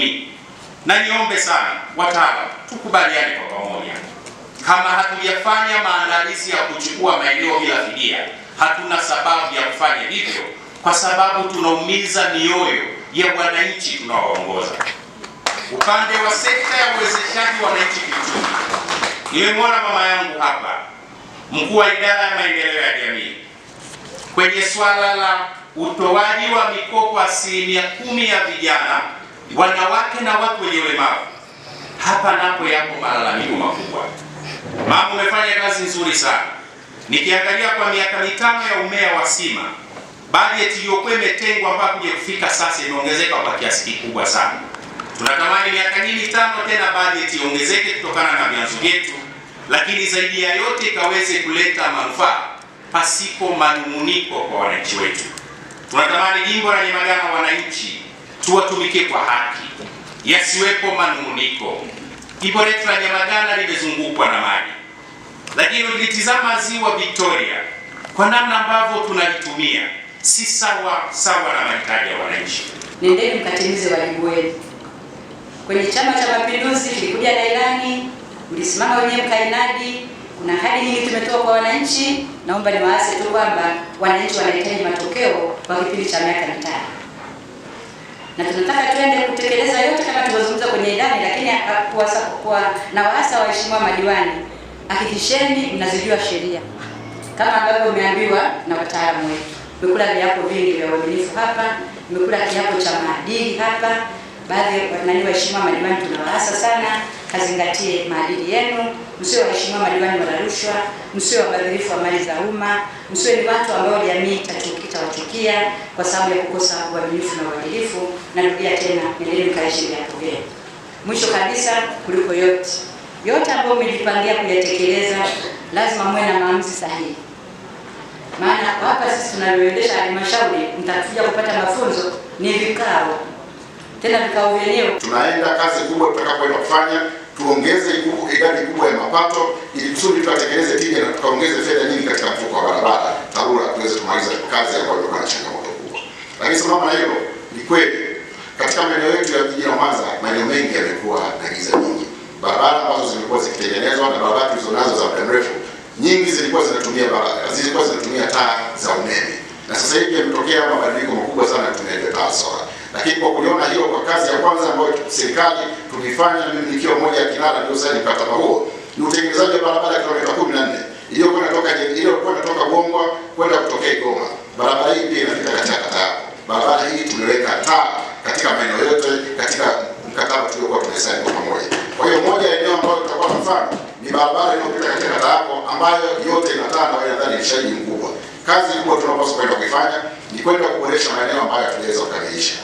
hii. na niombe sana wataalam, tukubaliane kwa pamoja, kama hatujafanya maandalizi ya kuchukua maeneo bila fidia, hatuna sababu ya kufanya hivyo, kwa sababu tunaumiza mioyo ya wananchi tunaoongoza. Upande wa sekta ya uwezeshaji wananchi kiuchumi, nimemwona mama yangu hapa, mkuu wa idara ya maendeleo ya jamii, kwenye swala la utoaji wa mikopo asilimia kumi ya vijana wanawake na watu wenye ulemavu. Hapa napo yako malalamiko makubwa. Mama, umefanya kazi nzuri sana. Nikiangalia kwa miaka mitano ya umea wa Sima, bajeti iliyokuwa imetengwa mpaka kuja kufika sasa imeongezeka kwa kiasi kikubwa sana. Tunatamani miaka hii mitano tena bajeti iongezeke kutokana na vyanzo vyetu, lakini zaidi ya yote ikaweze kuleta manufaa pasipo manunguniko kwa wananchi wetu. Tunatamani jimbo la Nyamagana wananchi tuwatumike kwa haki, yasiwepo manunguniko. Jimbo letu la Nyamagana limezungukwa na maji, lakini ukilitizama ziwa Victoria kwa namna ambavyo tunalitumia si sawa sawa na mahitaji ya wananchi. Nendeni mkatimize wajibu wenu. Kwenye Chama cha Mapinduzi kilikuja na ilani, mlisimama wenyewe mkainadi. Kuna hadi nyingi tumetoa kwa wananchi. Naomba niwaase tu kwamba wananchi wanahitaji matokeo kwa kipindi cha miaka mitano na tunataka tuende kutekeleza yote kama tulivyozungumza kwenye ilani, lakini akakuasa kwa na waasa waheshimiwa madiwani, hakikisheni mnazijua sheria kama ambavyo umeambiwa na wataalamu wetu. Mmekula viapo vingi vya uaminifu hapa, mmekula kiapo cha maadili hapa. Baadhi wanani waheshimiwa madiwani tunawaasa sana, kazingatie maadili yenu, msiwe waheshimiwa madiwani wala rushwa, msiwe wabadhirifu wa mali za umma, msiwe ni watu ambao jamii itatu kupitia kwa sababu ya kukosa uaminifu na uadilifu, na narudia tena, endeleeni mkaishi viapo vyenu. Mwisho kabisa, kuliko yote yote ambayo mmejipangia kuyatekeleza, lazima muwe na maamuzi sahihi, maana hapa sisi tunavyoendesha halmashauri, mtakuja kupata mafunzo ni vikao, tena vikao vyenyewe. Tunaenda kazi kubwa tutakapoenda kufanya tuongeze idadi kubwa ya mapato ili kusudi tutekeleze tija na tukaongeze fedha nyingi katika mfuko wa barabara tuweze kumaliza kazi ambayo ilikuwa na changamoto kubwa. Lakini sambamba na hilo, ni kweli katika maeneo yetu ya jiji la Mwanza, maeneo mengi yamekuwa na giza nyingi. Barabara ambazo zilikuwa zikitengenezwa na barabara nazo za muda mrefu, nyingi zilikuwa zinatumia barabara zilikuwa zinatumia taa za umeme, na sasa hivi yametokea mabadiliko makubwa sana ya utumiaji wa taa sola lakini kwa kuliona hiyo kwa kazi ya kwanza ambayo serikali tulifanya, mimi nikiwa mmoja ya kinara ndio sasa nikataba huo ni utengenezaji wa barabara Tuelekee Igoma, barabara hii pia inafika katika kata Barabara hii tumeweka taa katika maeneo yote katika mkataba tuliokuwa tumesaini kwa pamoja. Kwa hiyo moja ya eneo ambayo tutakuwa mfano ni barabara inayopita katika kata yako ambayo yote ina taa, na wewe nadhani ni ushahidi mkubwa. Kazi kubwa tunapaswa kwenda kuifanya ni kwenda kuboresha maeneo ambayo hatujaweza kukamilisha.